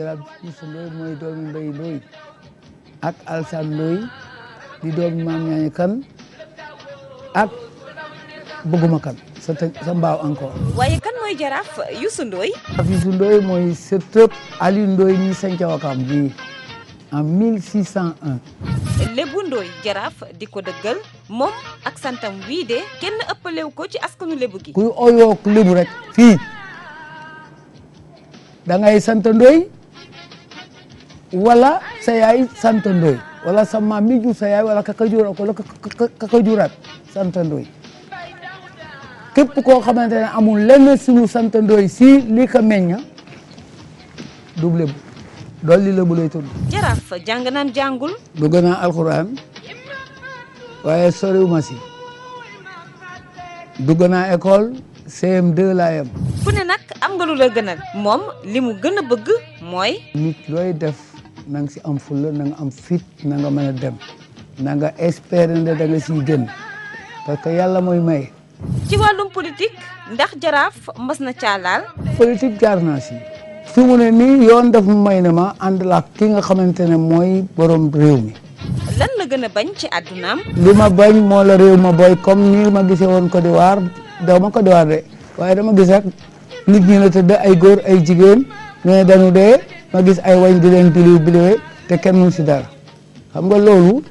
jaraaf mooy doomi Mbay Ndoye ak Alsaan Ndoye di doomi maam ñaañu kan ak bëgguma kan sa sa mbaaw encore. waaye kan mooy jaraaf Youssou Ndoye. jaraaf Youssou mooy sëtëb Aliou Ndoye ñi sanc Wakaam bii en 1601. Lébu jaraaf di ko dëggal moom ak santam wii de kenn ëppalewu ko ci askanu lébu gi. kuy oyoo lébu rek fii da ngay sant walla sa yaay sant Ndoye wala sa maam mi jur sa yaay wala ka ka juraat sant Ndoye képp koo xamante ne amul lenn suñu sant Ndoye si li ko meññ double bu dolli la bu lay tudd. jaraaf jàng naan jàngul. dugg naa alxuraan waaye soriwuma si dugg naa école CM2 laa yem. ne nag am nga lu la gënal. moom li mu gën a bëgg mooy. nit looy def. na nga si am fulla na nga am fit na nga mën a dem nanga nga espérer ne da nga siy génn parce que yàlla mooy may. ci wàllum politique ndax jaraaf mas na caalaal. politique jaar naa si. mu ne nii yoon daf may ne ma ànd la ki nga xamante ne mooy borom réew mi. lan la gën a bañ ci àddunaam. li ma bañ moo la réew ma boy comme nii ma gisee woon Côte d'Ivoire daw ma Côte d'Ivoire de waaye dama gis rek nit ñi la tëdd ay góor ay jigéen mais dañu dee. ma gis ay wañ di leen biliw biliwee te kenn mënu si dara xam nga loolu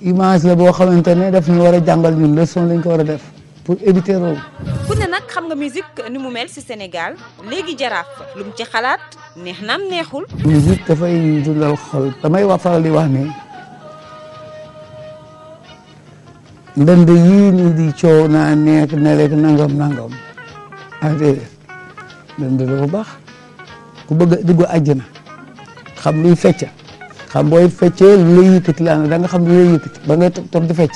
image la boo xamante ne daf ñu war a jàngal ñun leçon lañ ko war a def pour éviter loolu. ku ne nag xam nga musique ni mu mel ci Sénégal léegi jaraaf lu ci xalaat neex naam neexul. musique dafay dundal xol damay wax faral di wax ne ndënd yii ñu di coow naa nekk na lekk nangam nangam ah ndënd dafa baax ku bëgg a dugg àjjana xam luy fecca xam booy feccee lu lay yëkkati laa da nga xam lu lay yëkkati ba ngay toog di fecc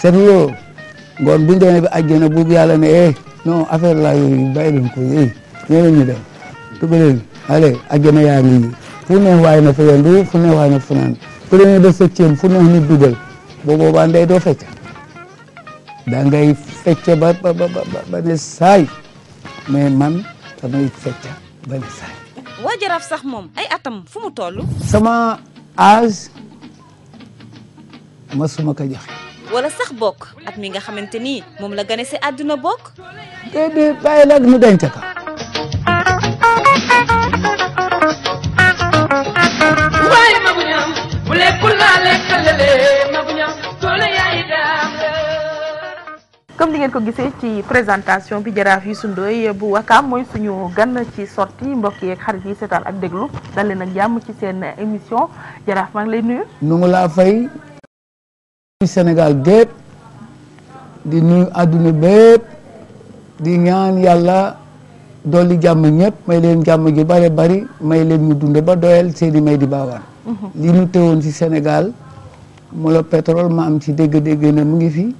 seet loolu ngoon buñu yàlla ne eh non affaire la yooyu bàyyi leen ko ne waay na fa yendu fu ne waay na fa ee ku demee ba sëcceen fu ne nit dugal boo boobaa ndey doo fecc da ba ba ba ba man damay fecc ba ne saay waa jaraaf sax moom ay atam fu mu toll. sama âge masuma ko joxe. wala sax bokk at mi nga xamante ni moom la gane si àdduna bokk. déedéet bàyyi la ak nu denc ka li ngeen ko gisee ci présentation bi jaraaf Youssou Ndoye bu Wakaam mooy suñu gan ci sortie mbokk yeeg xarit yi seetaan ak déglu dal nag jàmm ci seen émission jaraaf maa ngi lay nuyu. nu ngi laa fay. Sénégal gépp di nuyu àdduna bépp di ñaan yàlla dolli jàmm ñëpp may leen jàmm ji bare bari may leen ñu dund ba doyal seeni may di baawaan. Mhm. li ñu teewoon ci Sénégal mu la pétrole ma am ci dégg-dégg na mu ngi fi.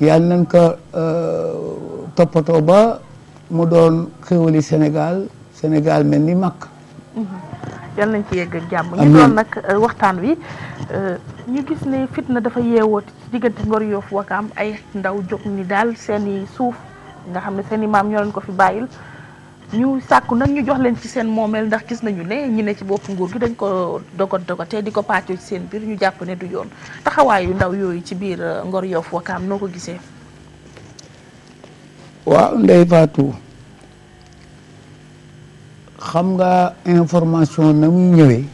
yàlla nañ ko euh, toppatoo ba mu doon xéwali Sénégal Sénégal mel ni mag. Mm-hmm. yàlla nañ ci yegg ak jàmm. ñu doon nag euh, waxtaan wi euh, ñu gis ne fitna dafa yeewoot ci diggante Ngor Yoff Wakaam ay ndaw jóg ni daal seeni suuf nga xam ne seen i maam ñoo leen ko fi bàyyil. ñu sàkku nag ñu jox leen ci seen moomeel ndax gis nañu ne ñi ne ci boppu nguur gi dañ ko dogot dogote di ko pàccoo ci seen biir ñu jàpp ne du yoon taxawaayu ndaw yooyu ci biir euh, Ngor Yoff Wakaam noo ko gisee. waaw Ndeye Fatou xam nga information na muy ñëwee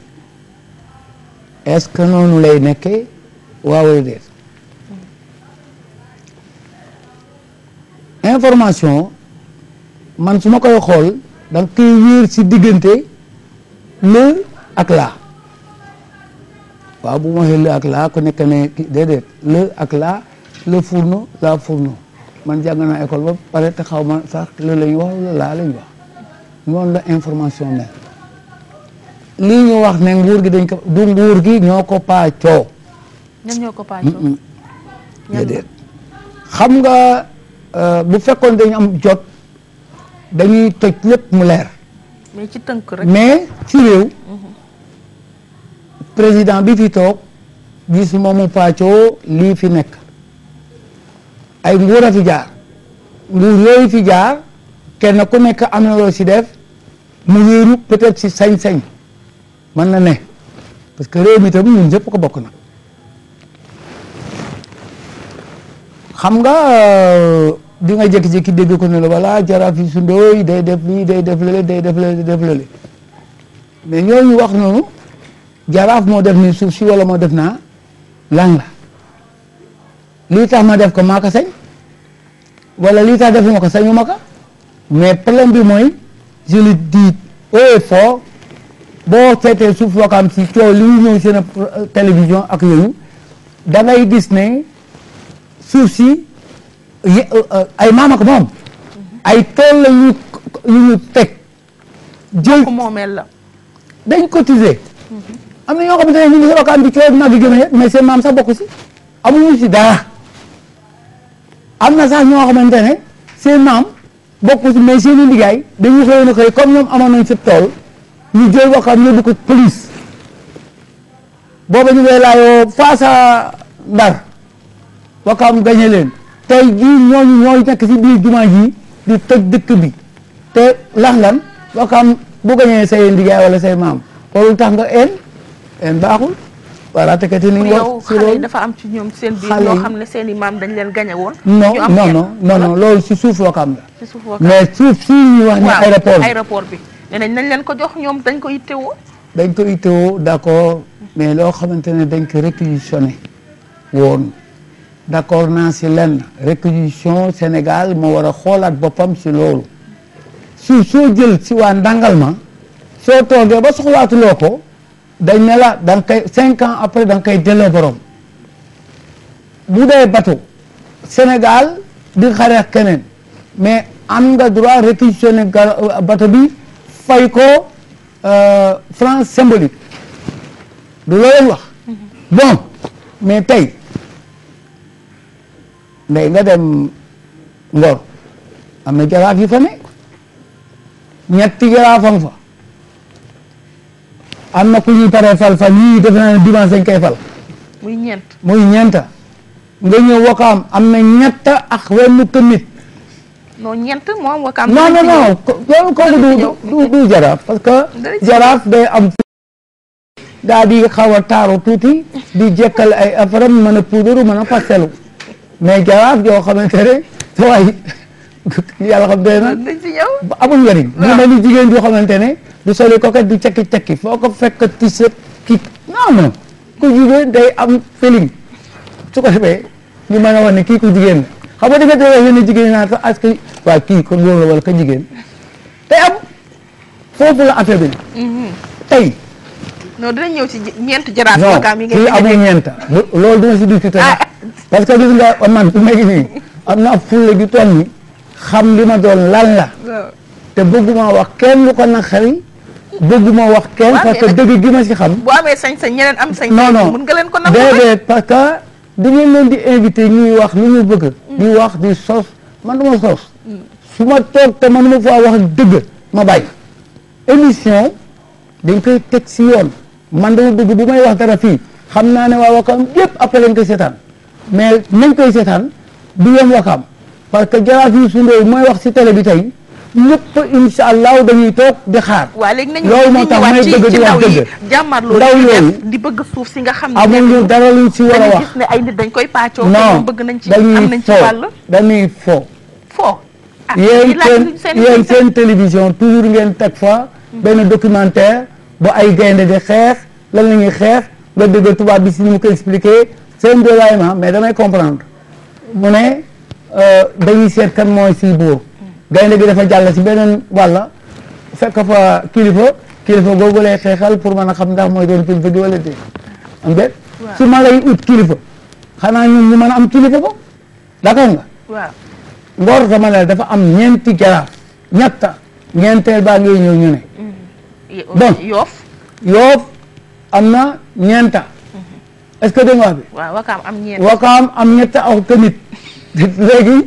est-ce que noonu lay nekkee waaway déet mm. information. man su ma koy xool da nga koy wéer diggante le ak la waaw bu ma waxee le ak laa ku nekk ne kii déedéet le ak la le fourneau la man jàng naa école ba pare te xaw ma sax le la ñu wax laa la wax information mel ñu wax ne nguur gi dañ ko du nguur gi ñoo ko paacoo. xam nga euh, bu fekkoon dañu am jot. dañuy toj lépp mu leer. mais ci tënk rek mais ci réew. président bi fi toog gis moomu pàccoo lii fi nekk ay nguur a fi jaar nguur yooyu fi jaar kenn ku nekk am na loo si def mu wéeru peut-être si sañ-sañ mën na ne parce que réew mi tam ñun ñëpp ko bokk na xam nga. Euh, di nga jékki-jékki dégg ko ne la voilà jaraaf yi su ndooy day def lii day def lële day def lële day def lële mais yooyu wax noonu jaraaf moo def ni suuf si wala moo def naa lan la lii tax ma def ko maa ko sañ wala lii tax defuma ko sañu ma ko mais problème bi mooy je le dis haut boo seetee suuf loo xam si coow li ñu seen télévision ak yooyu da ngay suuf si. Uh, uh, ay maam ak moom ay tool la ñu yu teg jël moomeel la dañ cotiser am na ñoo xamante ne ñu ngi soloka am bi coow mag gëmee ma seen maam sax bokk si amuñu si dara am na sax ñoo xamante ne seen maam bokk si mais seen i liggéey dañu xëyoon a xëy comme ñoom amoon nañ si tool ñu jël waxam yóbbu ko police booba ñu koy laajoo face à Ndar waxam gañe leen tey jii ñooñu ñooy nekk ci biir jumaa ji di toj dëkk bi te lax lan boo xam bu gañee say ndijaay wala say maam loolu tax nga en en baaxul voilà te kat ni ñu wax si dafa am ci ñoom seen biir loo xam ne seen i maam dañ leen gañe woon non non non non loolu si suuf loo xam la mais suuf si ñuy wax ni aéroport bi aéroport bi ne nañ nañ leen ko jox ñoom dañ ko ittewoo dañ ko ittewoo d' accord mais loo xamante ne dañ ko réquisitionné woon d'accord naa si lenn réquisition Sénégal moo war a xoolaat boppam si loolu suuf soo jël si waa ndàngal ma soo toogee ba soxlaatuloo ko dañ ne la da koy cinq ans après da nga koy delloo borom bu dee bateau Sénégal di xareex keneen mais am nga droit réquisitionner bateau bi fay ko euh, franc symbolique du loolu wax mhm. bon mais tey mais nga dem Ngor am na jaraaf yu fa ne ñetti jaraafam fa am na ku ñuy paree fal fal ñii defe naa ne dimanche dañ koy fal. muy ñeent muy ñeenta. nga ñëw wakaam am na ñetta ak wenn tamit. non ñeent moom wakaam. non non non loolu kooku du du jaraaf parce que jaraaf day am. daa di xaw a taaru tuuti di jekkal ay affaire mën a puudaru mën a faselu. mais jawaab yoo xamante ne sa waay yàlla xam doy na amul njëriñ mu mel ni jigéen yoo xamante ne du soli koket du cekki cekki foo ko fekk ti sa kii non non ku jigéen day am feeling su ko defee ñu mën a wax ne kii ku jigéen la xam nga dinga doon yéen ka jigéen day am foofu la affaire mm-hmm. tey noonu dinañ ñëw ci ñeent jaraaf. programme yi ngeen amul ñeent loolu duma si discuter ah, parce que gis nga man su nekk nii am naa fulle ni xam li ma doon lan la. te bëgguma wax kenn lu ko naqari. bëgguma wax kenn parce que dëgg gi ma si xam. bu amee sañ-sañ ñeneen am sañ. non non mën nga leen ko nangu déedéet parce que di ngeen leen di invité ñuy wax lu ñu bëgg. Mm. di wax di sos man du ma sos. Mm. su ma toog te man ma faa wax dëgg ma bàyyi dañ koy teg si yoon. man dama bëgg bu may wax dara fii xam naa ne waa Wakaam yëpp après lañ koy seetaan mais nañ koy seetaan du yem Wakaam parce que jaraaf Youssou Ndoye mooy wax si tele bi tey ñëpp incha allah dañuy toog di xaar. waaw léegi nañu loolu moo tax may bëgg di wax dëgg. jàmmarloo di bëgg suuf si nga xam ne. amuñu dara luñ si war a wax gis ne ay nit dañ koy pàccoo. non bëgg nañ ci am nañ ci wàll. dañuy fo fo. ah yéen seen yéen seen télévision toujours ngeen teg fa benn documentaire. ba ay gaynde di xeex lan la ñuy xeex nga dégg tubaab bi si ni mu ko expliqué seen délaillement mais damay comprendre mu ne euh, dañuy seet kan mooy si buur gaynde gi dafa jàll si beneen wàlla fekk fa kilifa kilifa googu lay xeexal pour man a xam ndax mooy doon kilifa gi wala dé am déet su ma kilifa xanaa ñun ñu mën am kilifa ko d'accord nga waaw ngor sama ne dafa am ñeenti jaraaf ñetta ñeenteel baa ngi ñëw ñu ne bon yoof yoof am na ñeenta est-ce que dégg nga wax bi wakaam am ñetta ak tamit léegi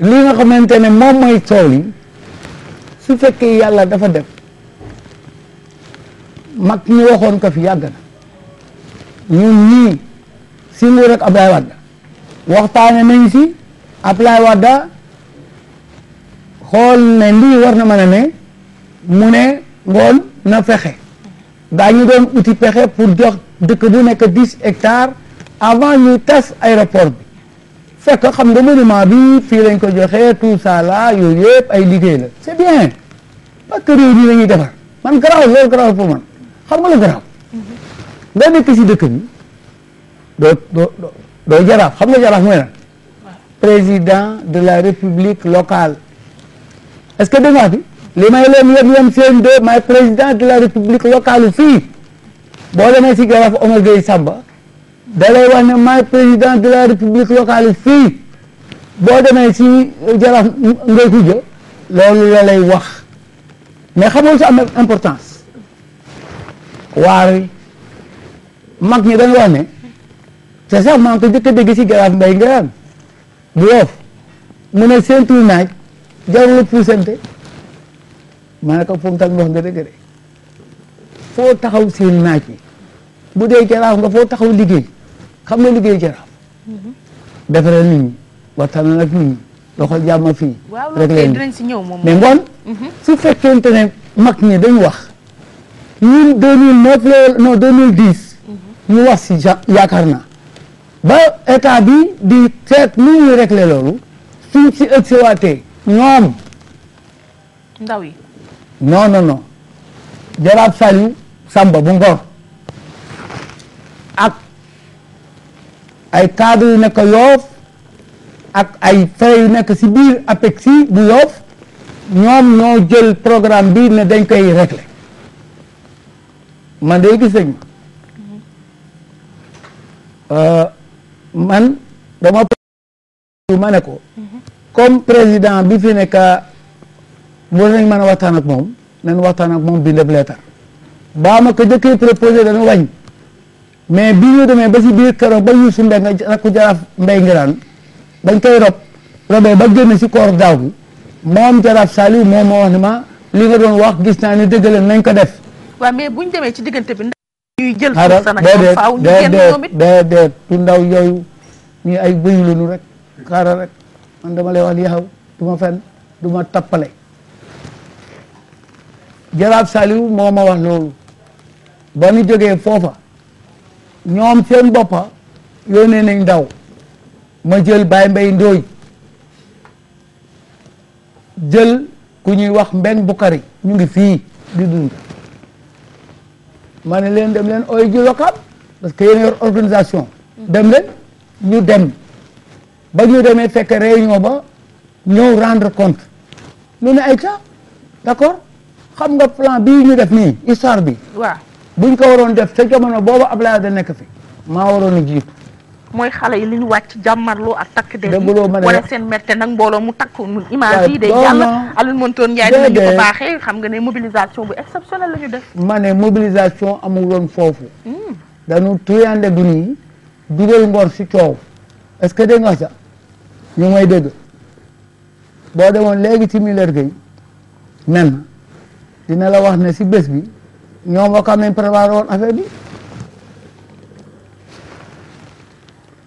li nga xamante ne moom mooy tool yi su fekkee yàlla dafa def mag ñu waxoon ko fi yàgg na ñun ñii si ngu rek Ablaye Wade waxtaane nañ si Ablaye Wade xool ne lii na mën a ne mu ne ngoon na fexe ñu doon uti pexe pour jox dëkk bu nekk dix hectares avant ñu tas aéroport bi fekk xam nga monument bi fii lañ ko joxee tout ça là yooyu yëpp ay liggéey la c'est bien parce que réew mi la ñuy defar man garaaw loolu garaaw pour man xam nga la garaaw nga nekk si dëkk bi doo doo jaraaf xam nga jaraaf mooy lan président de la république locale est que dégg nga fi li may leen yëg yéen seen de may président de la république locale fii boo demee si Jolof Omar Gueye Samba da lay wax may président de la république locale fii boo demee si Jolof Ngoy Koudia loolu la lay wax mais xamoon si am importance waar mag ñi dañu wax ne c'est ça maa jëkk dégg si Jolof Mbay Ngayaan bu yoof mu ne seentul naaj jarul puusante ma ne foom punkal mi wax nga de foo taxaw seen naa yi bu dee jaraaf nga foo taxaw liggéey xam nga liggéey jaraaf. Mhm. defaral nit ñi waxtaan ak nit ñi doxal jàmm fii. rek leen dinañ si ñëw moom mais bon. Mhm. su fekkente ne mag ñi dañu wax. ñun 2009 la non 2010. Mhm. ñu wax si yaakaar na ba état bi di seet nu ñuy loolu suñ si ëgg si waatee ndaw yi. non non no jaraaf Saliou Samba bu Ngor ak ay cadre yu nekk Yoff ak ay fay yu nekk si biir APEXI bu Yoff ñoom ñoo jël programme bi ne dañ koy régler man day gis nañ ma euh, man dama ma ne ko mhm. président bi fi nekk boo nañ mën a waxtaan ak moom nañ waxtaan ak moom bindab leetar baa ma ko jëkkee proposé dañu wañ mais bi ñu demee ba si biir keroog ba Yuusu Mbeng rakku jaraaf Mbay Ngiraan bañ koy rob robee ba génn si koor daaw bi moom jaraaf Saliou moom moo wax ne ma li nga doon wax gis naa ni dëggaleen nañ ko def waaw mais buñ demee ci diggante bi ñuy jël déedéet déedéet du ndaw yooyu ñii ay bëyu lañu rek xaaral rek man dama lay wax li xaw du du ma tappale jaraaf Saliou moo ma wax loolu ba ñu jógee foofa ñoom seen boppa yónnee nañ ndaw ma jël Baye Mbaye Ndooy jël ku ñuy wax Mbeng Bukari ñu ngi fii di dund ma ne leen dem leen ooy ji local parce que yéen organisation dem leen ñu dem ba ñu demee fekk réunion ba ñëw rendre compte lu ne ay ca xam nga plan bii ñu def nii histoire bi. waaw buñ ko waroon def sa jamono boobu Ablaye da nekk fi maa waroon a mooy xale yi li ñu wàcc jàmmarloo ak takk der yi wala seen mette nag mbooloo mu takk image yi de yàlla Alioune Montour Ndiaye ne mobilisation bu exceptionnelle la ñu def ma ne mobilisation amul woon foofu hmm. danu tuyande gun yi dugal ngor si coow est que de nga sax ñu may dégg boo demoon léegi ci Miller Gueye nen dina la wax ne si bés bi ñoom wax nañ préparé woon affaire bi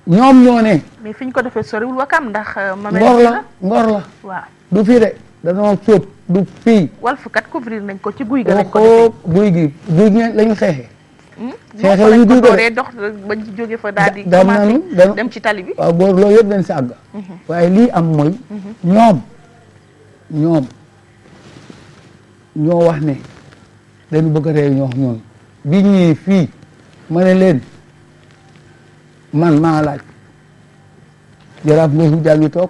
ñoom ñoo ne. mais fi ko defee soriwul wakam ndax. Euh, ngor la ngor la waaw du fii de dañoo sóob du fii. walf nañ ko ci guy ga. lañ ko guy gi guy gi lañ xeexee. Hmm? xeexee yu guy ga dox ba jóge fa daal di. commencé dem ci tali bi. waaw boobu loolu yëpp dañ si àgg. Mhm. waaye lii am mooy. Mhm. ñoom ñoom. ñoo wax ne dañu bëgg a wax ñoom bi ñuy fii ma ne leen man maa laaj jaraaf ngay xujaa ngi toog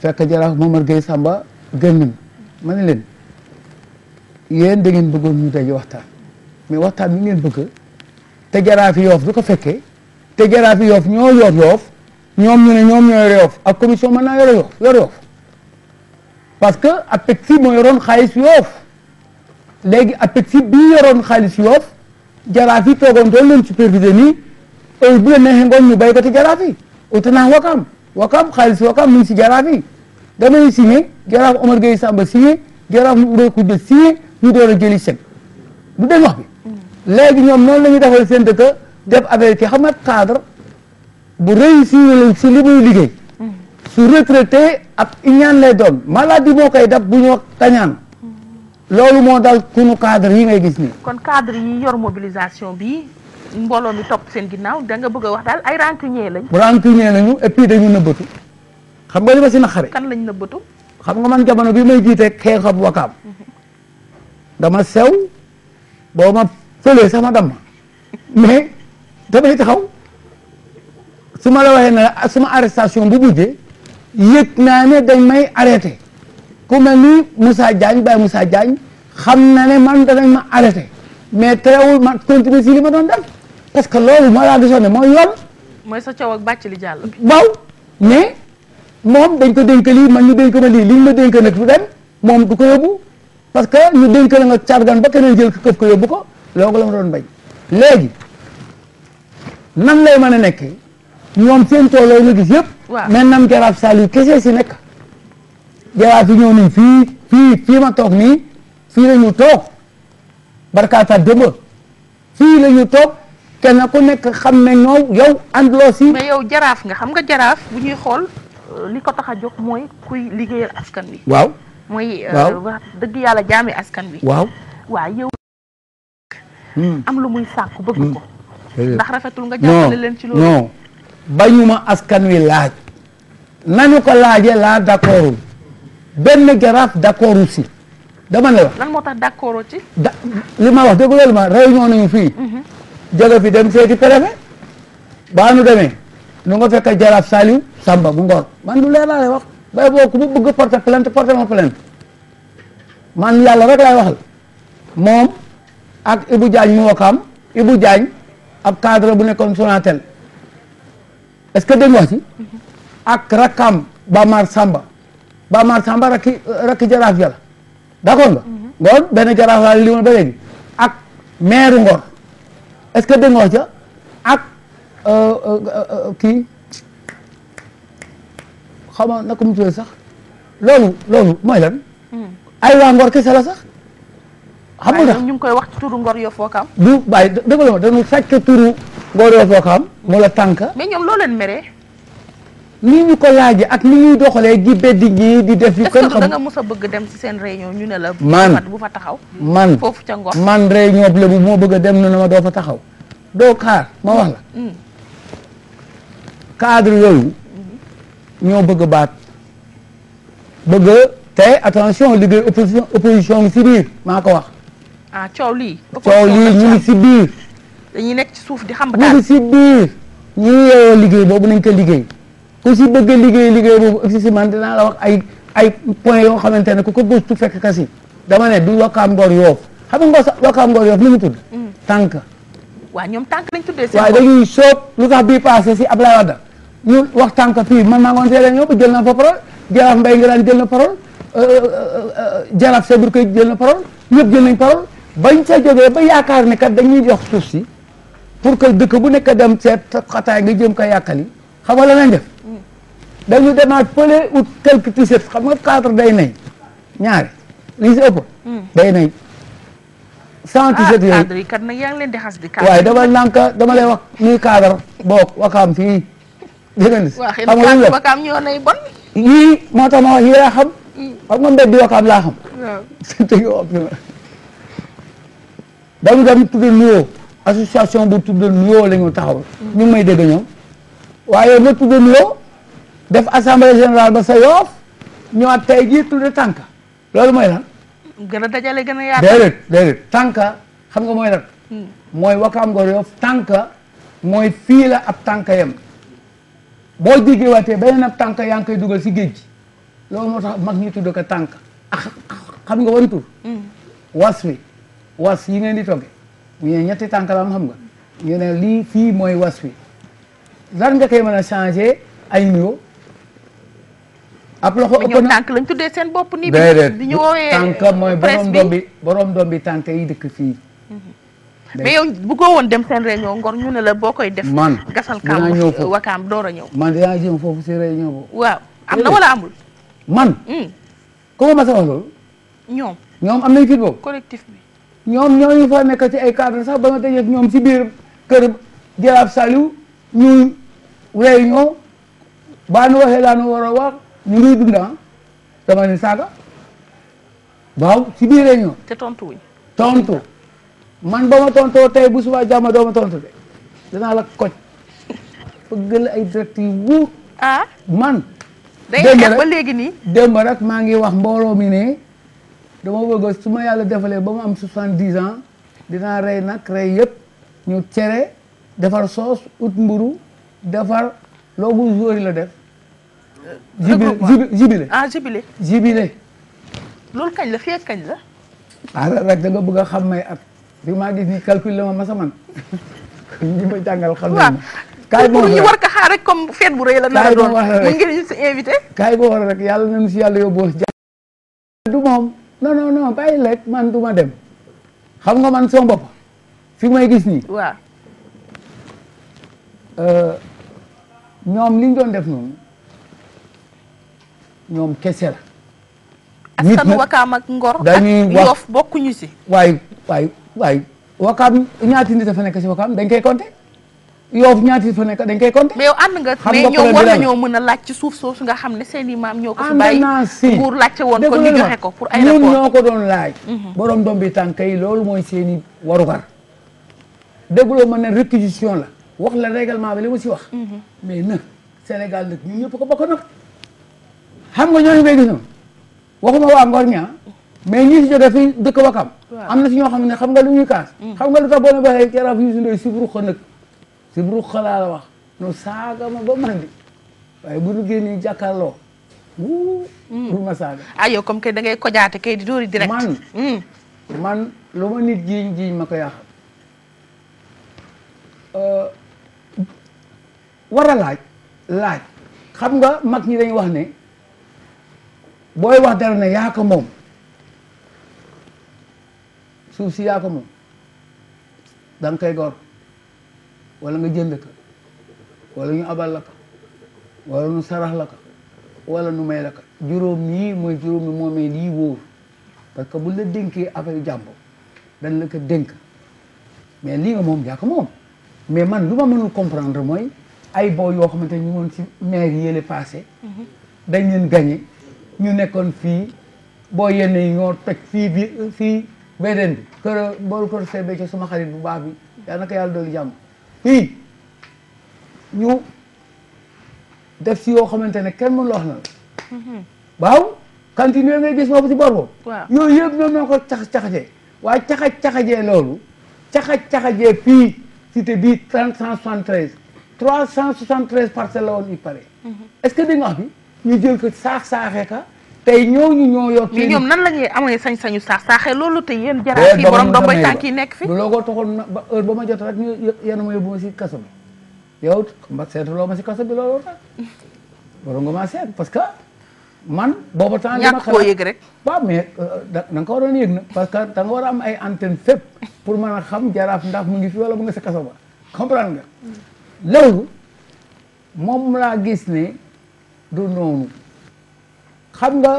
fekk jaraaf Momar Gueye Samba génn ma ne leen yéen da ngeen bëggoon ñu daje waxtaan mais waxtaan bi ngeen bëgg te jaraafi yoof du ko fekkee te jaraafi yoof ñoo yor yoof ñoom ñu ne ñoom ñoo yore ak commission mën naa yore yoof yor yoof parce que APECSY moo yoroon xaalis yoof léegi APEXI bii yoroon xaalis yoof jaraaf yi toogoon doon leen supervisé nii heure bu la neexee ngoon ñu béykati jaraaf yi uti naa wakaam wakaam xaalis wakaam mi ngi si jaraaf yi damay signé jaraaf Omar Gueye Samba signé jaraaf Mbour Koudé signé ñu door a jëli chèque bu dee wax bi léegi ñoom noonu la ñuy seen dëkk def avec ki xamat cadre bu réussir la si li muy liggéey mm. su retraité ab iñaan lay doon maladie moo koy dab bu ñu wax kañaan loolu moo dal kunu cadre yi ngay gis nii. kon cadre yi yor mobilisation bi mbooloo mi topp seen ginnaaw da nga bëgg a wax daal ay rancunier lañ. rancunier lañu et puis dañu nëbbatu xam nga li ma si naqare. kan lañ nëbbatu. xam nga man jamono bi may jiite xeexab wakaam dama sew boo ma fëlee sama damm mais damay xaw su ma la waxee ne suma arrestation bu mujjee yëg naa ne dañ may arrêté. ku mel ni Moussa Diagne Baye Moussa jaañ xam na ne man danañ ma arrêté mais terewul ma continuer si li ma doon def parce que loolu moo laa gisoon moo mooy yoon. mooy sa coow ak bàcc li jàll. waaw mais moom dañ ko dénk lii man ñu dénk ma lii liñ ma dénk nag fu dem moom du ko yóbbu parce que ñu dénk la nga cargan ba keneen jël ko këf ko yóbbu ko loolu la ma doon bañ. léegi nan lay mën a nekkee ñoom seen tool yooyu nga gis yëpp. waaw mais nam garaab saal yu kese si nekk. jaraaf yi ñëw nañ fii fii fii ma toog nii fii la ñu toog barkaata démb fii la toog kenn ku nekk xam ne ñoo yow ànduloo si. mais yow jaraaf nga xam nga jaraaf bu ñuy xool euh, li ko tax a jóg mooy kuy liggéeyal askan wi waaw mooy. Euh, dëgg yàlla jaami askan wi waaw waaw yow. Hmm. am lu muy sàkku bëgg hmm. ndax rafetul nga jàppale leen ci loolu. non bañuma askan wi laaj. nanu ko laajee laa d'accordul benn jaraaf d' accord si dama ne wax lan moo tax d' accord da li ma wax dëgg ma réunion nañu fii. Mhm. jóge fi dem seeti préfet. baa nu demee nu fekk jaraaf Saliou Samba bu Ngor man lu leer laa lay wax bay boo ku mu bëgg porter plainte porter ma plainte man yàlla rek laay waxal moom ak Ibou Diagne mu wakaam Ibou Diagne ab cadre bu nekkoon Sonatel est-ce que dégg nga wax ci mhm. ak rakam Bamar Samba. Ba Mar Samba rakki rakki jaraaf ja la d'accord nga. Ngor mhm. benn jaraaf laa li woon ba léegi ak maire Ngor est-ce que dégg wax ja ak euh, euh, euh, kii xaw ma naka mu tuddee sax loolu loolu mooy lan. Hmm. ay waa Ngor kese la sax. xam nga ñu ngi koy wax ci Ngor yoo foo kaam. du bàyyi dégg nga ma dañu sàcc turu Ngor yoo foo mu la tànk. mais ñoom loo leen meree. ni ñu ko laajee ak ni ñuy doxalee di beddi gi di def yu kenn xam nga mës a bëgg dem ci seen réunion ñu ne la man bu fa taxaw man foofu ca man réunion bu moo bëgg a dem na ne ma doo fa wax la mm. cadre yooyu mm-hmm. ñoo bëgg baat bëgg tey attention liggéey opposition opposition si biir maa ko wax ah coow lii coow lii ñu si biir dañuy nekk ci suuf di xam ñu ngi si biir ñii yeewoo liggéey boobu nañ ko liggéey ku si bëgg liggéey liggéey boobu agsi si man dinaa la ay point yoo xamante ne ku ko gëstu fekk kasi dama ne du wakkaam ngor yoof xam nga ngor wakkaam ngor yoof lu mu tudd mm-hmm. tànk waaw ñoom tànk lañ tuddee seen waaw dañuy soob lu tax bii passé wax tànk fii man maa ngoon seede ñoom jël na fa parole jaraaf mbay nga daan jël na parole euh, euh, euh, jaraaf sabur koy jël na parole ñëpp jël nañ parole bañ sa jógee ba yaakaar ne kat dañuy jox suuf si pour que dëkk bu nekk dem seet xataay nga jëm ko yàqali xam nga la nañ def dañu demaat pële ut quelque t-shirt xam nga cadre day nay ñaari li si ëpp. Hmm. day nay. sans ah, t-shirt kat nag yaa ngi leen di xas waaye dama nanka dama lay wax ñuy cadre wakaam fii. dégg nga si xam nga lu wakaam ñoo nay bon. yii moo tax ma wax yii laa xam. Hmm. xam nga mbedd di wakaam laa xam. waaw c'est vrai. dañu association bu tudd nuyoo la ñu taxawal. Hmm. ñu may dégg ñoom. waaye ma tudd nuyoo. def assemblée générale ba sa yoof ñëwaat tey jii tudde tànka loolu mooy lan. gën a dajale gën a yaatu. déedéet nga mooy lan. Hmm. mooy Wakaam Ngor Yoff tànka mooy fii la ab tànka yem boo jéggiwaatee beneen ab tànka yaa ngi koy dugal si géej gi loolu moo tax mag ñi tudde ko tànka ak ah, xam nga wan hmm. was wi was yi ngeen di togge bu ñu ne ñetti tànk la am xam nga ñu ne lii fii mooy was wi lan nga koy mën a changé ay nuyoo ab loxo ëpp na tànk lañ tuddee seen bopp nii. bi ñu woowee tànk mooy borom doom bi borom doom bi tànk yi dëkk fii. Mm-hmm. mais yow bëggoo woon dem seen réunion ngor ñu ne la boo koy def. man gasal kaam ñëw wakaam door a ñëw. man dinaa jëm foofu si réunion boobu. waaw am na wala amul. man. Mm. ma sa wax loolu. ñoom ñoom am nañu fit boobu. collectif bi. ñoom ñooñu fa nekk ci ay cadre sa ba nga tëjee ñoom si biir kër Jaraaf Saliou ñuy réunion baa nu waxee laa nu war a ñu ngi dund ah dama leen saaga waaw si biir réunion. te tontu wuñ. tontu man ba ma tontoo tey bu subaa jàmm doo ma tontu de danaa la koñ fëgg la ay directives bu. ah man. day xeex ba léegi nii ba rek maa ngi wax mbooloo mi ne dama bëgg su ma yàlla defalee ba mu am soixante-dix ans dinaa rey nag rey yépp ñu cere defar soos ut mburu defar loogu joori la def. Euh, jubilé ah jubilé jubilé kañ la fii kañ la ah rek da nga bëgg xam may at bi maa gis ni calcul la ma masa man ñi ma jàngal xam nañ kaay boobu ñu war ko xaar rek comme fête bu rëy la nar a doon invité kaay boobu rek yàlla nañu si yàlla yóbboo du moom non non non lekk man du ma dem xam nga man sama bopp fi may gis nii waaw euh, ñoom liñ doon def noonu ñoom kese la. nit askan wakaam ak ngor. dañuy wax yoof bokkuñu si. waay waay waay wakaam ñaati nit dafa nekk si wakaam dañ koy compter yoof ñaati fa nekk dañ koy compter. mais yow a nga mais ñoom war nañoo mën a laaj ci suuf soosu nga xam ne seen i maam ñoo ko. fi bàyyi nguur laajte woon ko ñu joxe ko pour ay rapport ñun ñoo ko doon laaj. Mhm. borom doom bi tànk yi loolu mooy seen i warugar. ma ne réquisition la wax la règlement bi li ma si wax. Mhm. mais na Sénégal nag ñun ñëpp ko bokk xam nga ñooñu ngay gis noonu waxuma waa Ngor ñaa ah. mais ñii si jógee fii dëkk Wakam am na si ñoo xam ne xam nga lu ñuy kaas mm. xam nga lu tax boo ne waxee jaraaf Youssou Ndoye sibru xa nag sibru xa laa la wax nu saaga ma ba mandi waaye bu ñu génnee jàkkaarloo wuu mm. du ma saaga ah yow comme que da ngay kojaate kay di dóori direct man mm. man lu ma nit jiiñ jiiñ ma ko yàqal euh, war a laaj laaj xam nga mag ñi dañu wax ne booy wax dara ne yaa ko moom suuf si yaa moom da nga koy gor wala nga jënd ko wala ñu abal la ko wala ñu sarax la ko wala nu may la ko juróom yi mooy juróomi moomee lii wóor parce que buñ la dénkee affaire jàmbur dañ la ko dénk mais lii nga moom yaa ko moom mais man lu ma mënul comprendre mooy ay boo yoo xamante ñu woon ci maire yële passé mhm. dañ leen gagné ñu nekkoon fii boo yenn yi teg fii bi fii béyden bi kër boolu kër see bécco sama xarit bu baax bi yaa naka yàlla doolu jàmm fii ñu def si yoo xamante ne kenn mën la wax na la mhm. waaw continuer ngay gis boobu si bor boobu yooyu yëpp ñoom ñoo ko cax-caxajee waaye caxa caxajee loolu caxa caxajee fii cité bii 373 cent parcelles la woon il paraît mhm. est-ce que dégg nga wax bi ñu jël ko saax saaxee ka tey ñooñu ñoo yor. mais ñoom nan la amee sañ-sañu saax saaxee loolu te yéen. Eh, jaraaf yi borom doom bay tànk nekk fii looloo ko taxoon na ba heure ma jot rek ñu yéen a ma yóbbu yow mba seetloo ma si kaso bi looloo tax waroon nga maa parce que man. booba temps dama xalaat ñàkk koo yëg rek. waaw mais euh, da nga ko waroon yëg na parce que da war am ay antenne fépp pour mën xam jaraaf ndax mu ngi fi wala mu nga si kaso ba comprendre nga. Mm. loolu moom laa gis ne du noonu xam nga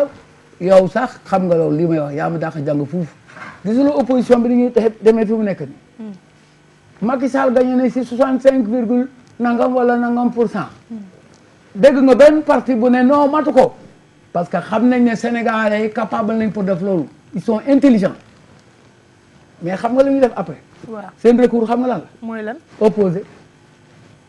yow sax xam nga loolu lii may wax yaa ma dàq jàng fuuf gisuloo opposition bi ni ñuy demee fi mu nekk nii. Hmm. Macky Sall gagné na si cinq virgule nangam wala nangam pour cent. Hmm. dégg nga benn partie bu ne non matu ko parce que xam nañ ne Sénégalais yi capable nañ pour def loolu ils sont intelligents mais xam nga lu ñuy def après. waaw seen recours xam nga la. mooy lan opposé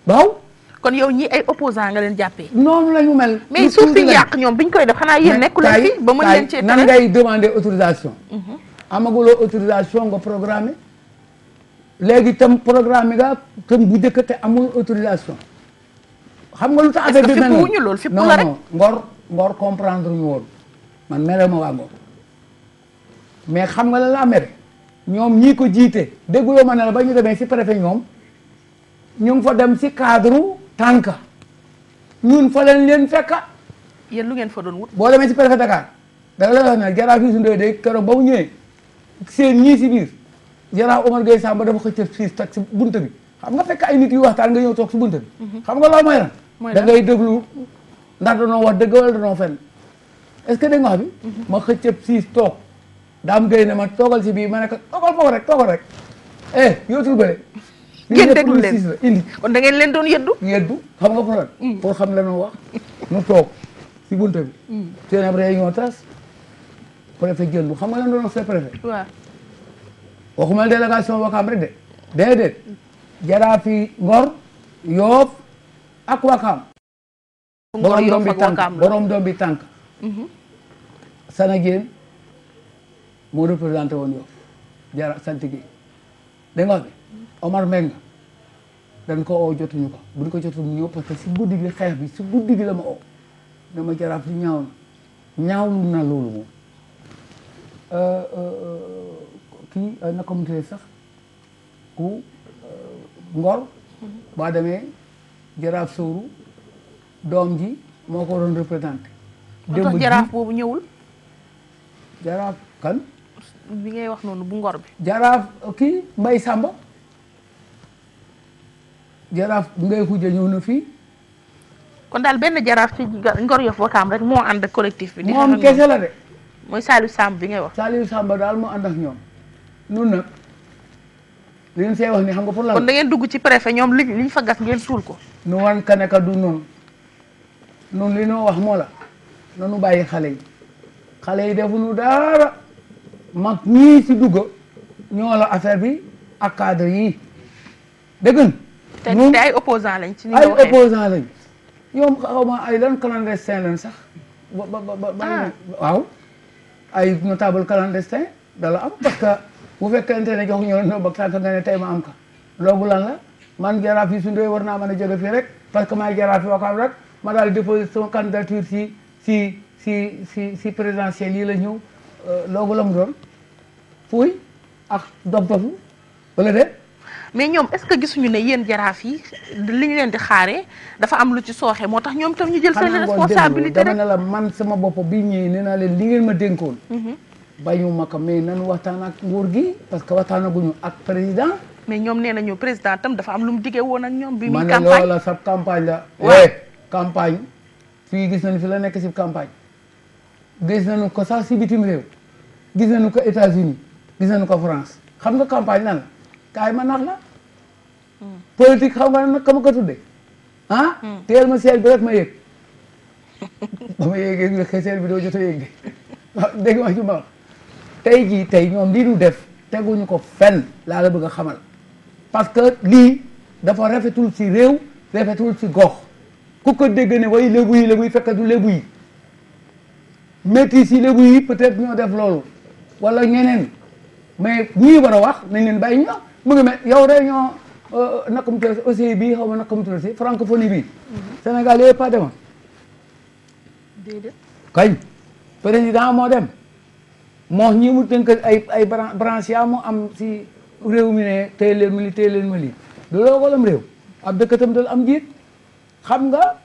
waaw. kon yow ñi ay opposant leen jàppee. noonu la ñu mel. mais suuf si yàq ñoom bi ñu koy def xanaa yéen nekku leen fi ba mën leen cee nan ngay demander autorisation. Mhm. amaguloo autorisation nga programme léegi tam programme nga tam bu njëkk te amul autorisation. xam nga lu tax affaire bi mel loolu fippu la rek ngor ngor comprendre ñu woon man mere ma waa mais xam nga la laa mere ñoom ñii ko jiite dégguloo ma ne la ba ñu demee si préfet ñoom ñu ngi dem si cadre. tànk ñun fa leen leen fekka yéen lu ngeen fa doon wut boo demee ci préfet Dakar dara la wax ne jaraaf Youssou Ndoye day keroog ba mu ñëwee seen ñii si biir jaraaf Omar Gueye Samba dafa xëcc siis tag si bunta bi xam nga fekk ay nit yu waxtaan nga ñëw toog si bunta bi mhm. xam nga loolu mooy lan da ngay déglu ndax danoo wax dëgg wala danoo fenn est-ce que dégg bi mhm. ma xëccëb siis toog daam gay ne ma toogal si bii ma ne ko toogal foofu rek toogal rek eh yootul bële ngeen déglu leen kon da leen doon yeddu yeddu xam nga ko loon mm. pour xam la nu wax nu toog si bunta bi mm. seen ab réunion tas préfet jëndu xam nga lan doon wax seen préfet waaw waxuma délégation wakaam rek de déedéet jaraafi ngor yoof ak wakaam borom doom bi tànk borom doom mm-hmm. bi sana jéen moo représenté woon yoof jara sant gi da Omar Meng dañ ko oo jotuñu ko buñ ko jotu mu ñëw parce que si guddi gi xeex bi si guddi gi la ma oo dama jaraaf li ñaaw na euh, euh, euh, doom ji moo ko doon représenté démb jaraaf boobu ñëwul jaraaf kan bi ngay wax noonu bu ngor bi jaraaf kii Mbay Sàmba jaraaf ngay xuja ñëw na fii. kon daal benn jaraaf ci Ngor Yoff Wakaam rek moo ànd ak collectif bi. di moom kese la de. mooy Saliou Samb bi ngay wax. Saliou Samb daal moo ànd ñoom. nun nag li ngeen see wax ni xam nga pour la. kon da ngeen dugg ci préfet ñoom liñ liñ fa gas ngeen suul ko. nu wan ka ne ka du noonu nun li noo wax moo la nanu bàyyi xale yi xale yi defuñu dara mag ñii ci dugg ñoo la affaire bi ak cadre yi dégg moom te ay opposant lañ. ci ni ay yow xaw ma ay clandestin lañ sax. ba ah. waaw. ay notable clandestin dala am parce que bu fekkente ne jox ñoo no ba tànk nga ne tey ma am ka loolu lan la man jaraaf yi su ndoy war naa man a jóge fii rek parce que maay jaraaf yi waxaam rek ma daal déposé candidature si si si si si présidentielle yi la ñëw euh, loolu la mu doon fuuy ak dof dofu wala de mais ñoom est-ce que gisuñu ne yéen jaraaf yi li ñu leen di xaaree dafa am lu ci sooxe moo tax ñoom tam ñu jël seen responsabilité rek dama ne la man sama bopp bi ñëwee nee naa leen li ngeen ma dénkoon mhm. bañu ma ko mais nanu waxtaan ak nguur gi parce que waxtaanaguñu ak président mais ñoom nee nañu président tam dafa am lu mu diggee woon ak ñoom bi muy campagne loola sa campagne la waaye eh, campagne fii gis nañu fi la nekk si campagne gis nañu ko sax si bitim réew gis nu ko États-Unis gis nañu ko France xam nga campagne na la kaay ma nax la politique xaw nga ne nag kama ko tudde ah teel ma seet bi rek ma yëg ba ma yéegee ñu ne bi doo jot a yëg de dégg ma ci tey jii tey ñoom lii du def teguñu ko fenn laa la bëgg a xamal parce que lii dafa rafetul ci réew rafetul ci gox ku ko dégg ne way lébu yi lébu yi fekk du lébu yi métis yi yi peut ñoo def loolu wala ñeneen mais bu ñuy war wax nañ leen bàyyi ñoo mu ngi mel yow rek ñoo naka mu tuddati OCI bi xaw francophonie bi. Sénégal yëpp a demoon. déedéet. kañ président moo dem moo ñi mu tënk ay ay branche yaa mu am si réew mi ne téye leen ma lii téye leen ma lii du loolu walam réew am jiit xam nga.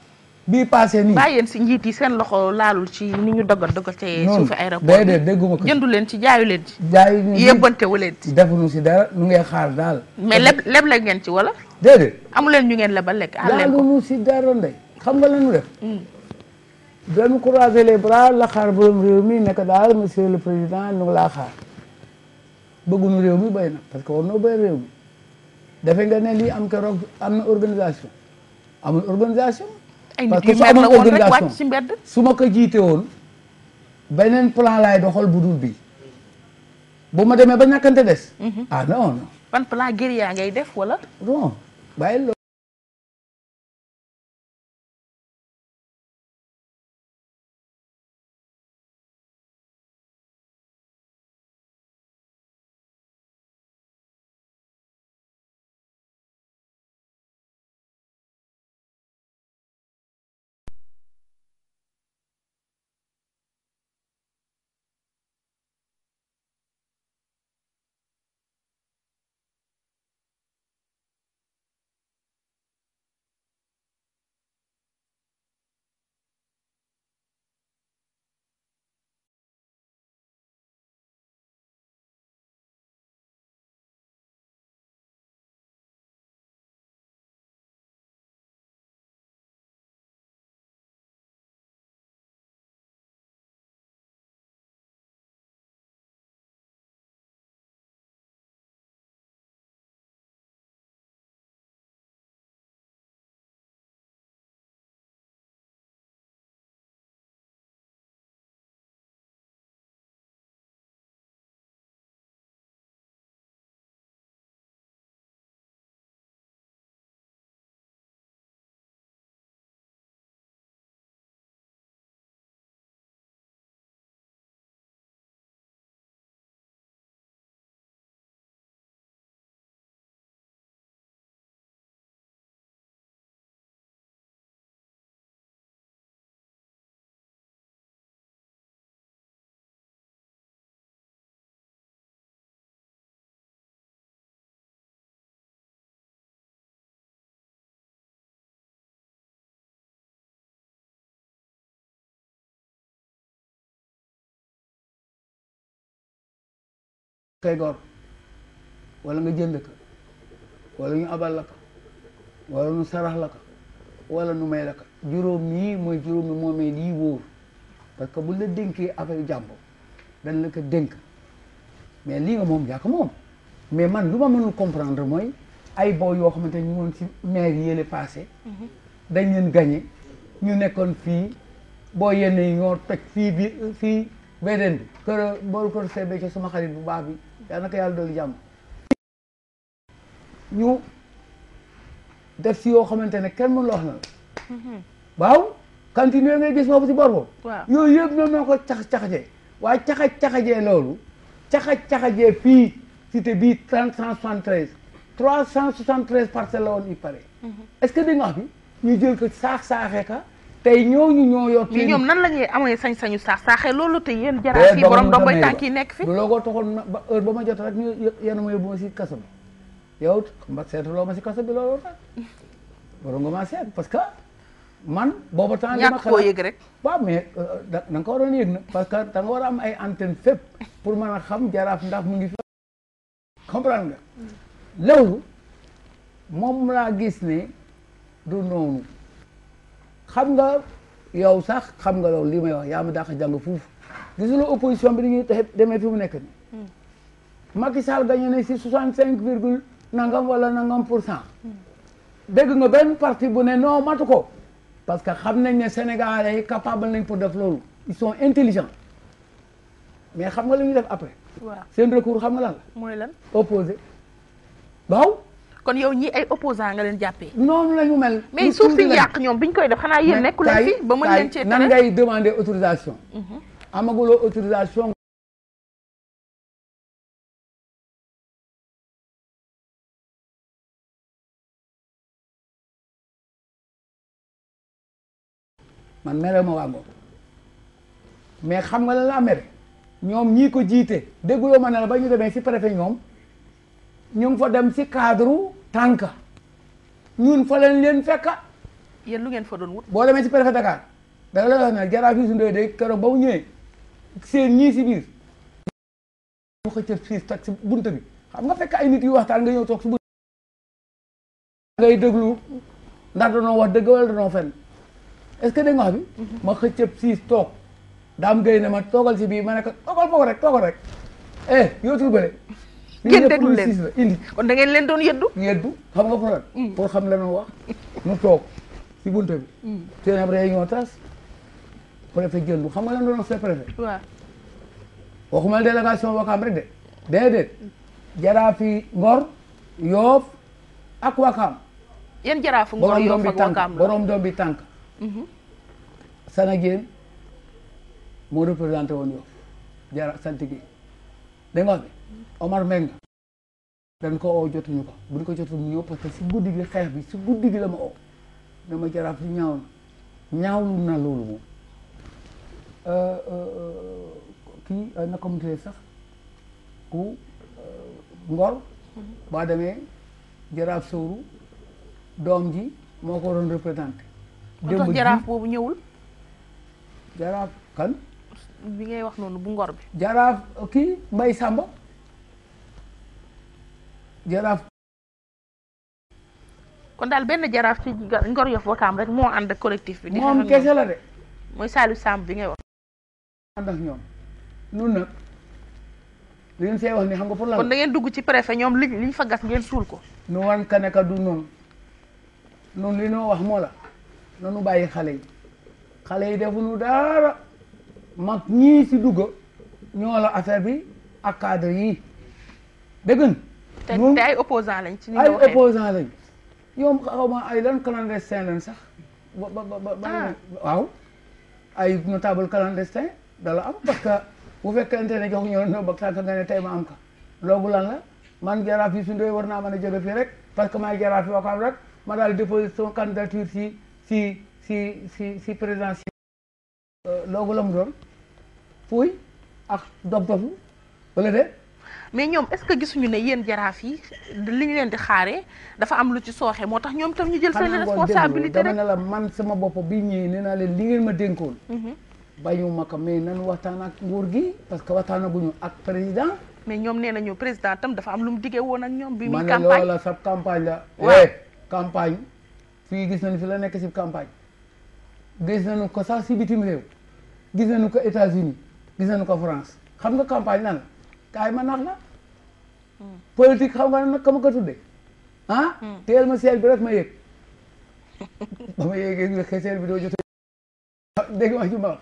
bii passé nii bàyyi si njiit yi seen loxo laalul ci ni ñu dogal dogal ci suufi aéroport bi dégguma ko jëndu leen ci jaayu leen ci jaayu wu leen ci defuñu si dara nu ngay xaar daal mais leb leb la ngeen ci wala déedéet amu leen ñu ngeen lebal lekk laaluñu si dara ndey xam nga lañu def dañu hmm. croiser les bras la xaar borom réew mi nekk daal monsieur le président nu laa xaar bëgguñu réew mi bay na parce que war noo bay réew mi defe nga ne lii am keroog am na organisation amul organisation ay nit yu mer su ma ko jiite woon beneen plan laay doxal bu dul bi bu ma demee ba ñàkkante des mhm. ah non non ban plan guérilla ngay def wala non bàyyi kay gor wala nga jënd ko wala ñu abal la ko wala nu sarax la ko wala nu may la ko juróom yi mooy juróomi moomeel yi wóor parce que bu la dénkee affaire jàmbur dañ la ko dénk mais lii nga moom yaa ko moom mais man lu ma mënul comprendre mooy ay boo yoo xamante ñu woon ci maire yële passé mhm. dañ leen gagné ñu nekkoon fii boo yenn ñoo toj fii biir fii beneen bi kër boru kër seebe ci sama xarit bu baax bi yàlla na ko yàlla dolli jàmm ñu def ci yoo xamante ne kenn mën la wax na la mhm. waaw continuer ngay gis boobu si bor boobu yooyu yëpp ñoom ñoo ko cax-caxajee waaye caxaj-caxajee loolu caxaj-caxajee fii cité bii trente cent soixante treize trois cent soixante treize parcelles la woon mhm. est di nga bi ñu jël ko saax-saaxee ka tey ñooñu ñoo yor. mais ñoom nan la ñuy amee sañ-sañu saax saaxee loolu te yéen jaraaf yi borom doom bay tànk nekk fi looloo ko taxoon na ba heure ma jot rek ñu yéen a ma yóbbu yow ma seetaloo ma si kaso bi looloo parce que man booba temps li yëg rek waaw mais euh, da nga ko waroon parce que da nga war am ay antenne fépp pour mën xam jaraaf ndax mu ngi fi comprendre nga mm. loolu moom laa gis ne du noonu xam nga yow sax xam nga loolu lii may wax yaa ma dàq jàng fuuf gis nga opposition bi ni ñuy demee fi mu nekk nii. Hmm. Macky Sall gagné na si 65 virgule nangam walla nangam pour cent. dégg nga benn parti bu ne non matu ko parce que xam nañ ne Sénégalais yi capable nañ pour def loolu ils sont intelligents mais xam nga li ñuy def après. waaw seen recours xam nga la la. mooy lan opposé waaw. kon yow ñi ay opposant nga leen jàppee. noonu la mel. mais suuf si yàq ñoom biñ koy def xanaa yéen nekku leen fi ba mën leen cee nan ngay mhm. autorisation. man mere ma wàggoo mais xam nga la laa mere ñoom ñii ko jiite dégguloo ma ne ba ñu demee si préfet ñoom. ñu ngi fa dem si cadre tànk ñun fa leen leen fekka yéen lu ngeen fa doon wut. boo demee si préfet Dakar dara la wax ne jaraaf Youssou Ndoye de keroog ba mu ñëwee seen ñii si biir mu xëcc siis toj si bunt bi xam nga fekk ay nit yu waxtaan nga yow toog si bunt ngay déglu ndax danoo bi mhm. ma xëccëb siis toog daam gay ne toogal si bii ma ne ko toogal rek toogal rek eh yow tur bële ngeen déglu leen kon da leen doon yeddu yeddu xam nga ko mm. pour xam la nu wax nu toog si buntu bi mm. seen ab réunion tas préfet jëndu xam nga lan doon wax seen préfet waaw waxuma délégation wakaam rek de déedéet jaraafi ngor yoof ak wakaam yan jaraafu ngor yoof ak wakaam borom doom bi tànk mm-hmm. sana jéen moo représenté woon yoof jara sant gi nga wax Omar Mbengue dañ ko oo jotuñu ko buñ ko jotu mu ñëw parce que si guddi gi xeex bi si guddi gi la ma oo na ma jaraaf si ñaaw na ñaawlu na loolu moom euh, euh, euh, kii na ko sax ku ngor baa demee jaraaf sowru doom ji moo ko waroon représenté démb ji jaraaf boobu ñëwul jaraaf kan bi ngay wax noonu bu ngor bi jaraaf kii Mbaye Samba jaraaf kon daal benn jaraaf ci Ngor Yoff rek moo ànd ak collectif bi. moom kese la de. mooy saalu Samb bi ngay wax. ñoom nun nag li ngeen nga pour kon da ngeen dugg ci préfet ñoom li ñu fa gas ngeen suul ko. nu wan ka ne ka du noonu noonu li noo wax moo la nanu bàyyi xale yi xale yi defuñu dara mag ñii si dugg ñoo la affaire bi ak cadre yii dégg te ay opposant lañ. ci ni ay opposant lañ yow xaw ma ay lan clandestin lañ sax. ba ba ba ba ah. waaw. ay notable clandestin dala am parce que bu fekkente ne jox ñoo no ba sànq nga ne tey ma am ka loogu lan la man jaraaf yi su ndoy war naa mën a jóge fii rek parce que maay jaraaf yi waxam rek ma daal déposé candidature si si si si si présidentielle euh, loogu la mu doon fuuy ak dof dofu wala de mais ñoom est-ce que gisuñu ne yéen jaraaf yi li ñu leen di xaaree dafa am lu ci sooxee moo tax ñoom tam ñu jël seen responsabilité rek dama ne la man sama bopp bi ñëwee nee naa leen li ngeen ma dénkoon mhm. bañu ma ko mais nan waxtaan ak nguur gi parce que waxtaanaguñu ak président mais ñoom nee nañu président tam dafa am lu woon ak ñoom bi muy campagne man sa campagne la waaw eh, campagne fii gis nañu fi la nekk si campagne gis nañu ko sax si bitim réew gis nañu ko États-Unis gis nañu ko France xam nga na la kaay ma nax la. politique xam nga nag ka ma ko tuddee. ah. Hmm. teel ma seel bi rek ma yëg. ba ma yëgee nga seel bi doo jotee. dégg ma ci ma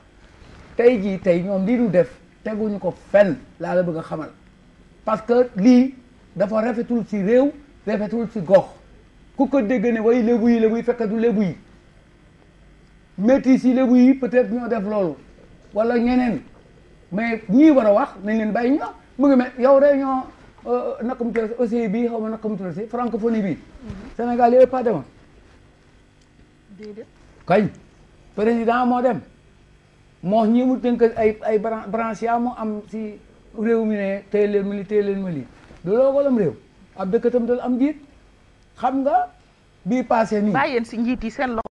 tey jii tey ñoom lii ñu def teguñu ko fenn laa la bëgg a xamal parce que lii dafa rafetul ci réew rafetul ci gox ku ko dégg ne way lébu yi lébu yi fekk du lébu yi métis yi lébu yi peut-être ñoo def loolu walla ñeneen mais ñii war a wax nañ leen bàyyi ñoom mu ngi mel yow réunion euh, euh, naka mu tuddati OCI bi xaw ma naka mu tuddati francophonie bii. Mhm. Sénégal yooyu pas demoon. déedéet. président moo dem moo ñi mu tënk ay ay branche yaa mu am si réew mi ne téye leen ma lii téye leen ma lii du loo walam réew ab dëkkatam dal am jiit xam nga bii passé nii. bàyyi yéen si njiit yi seen loxo.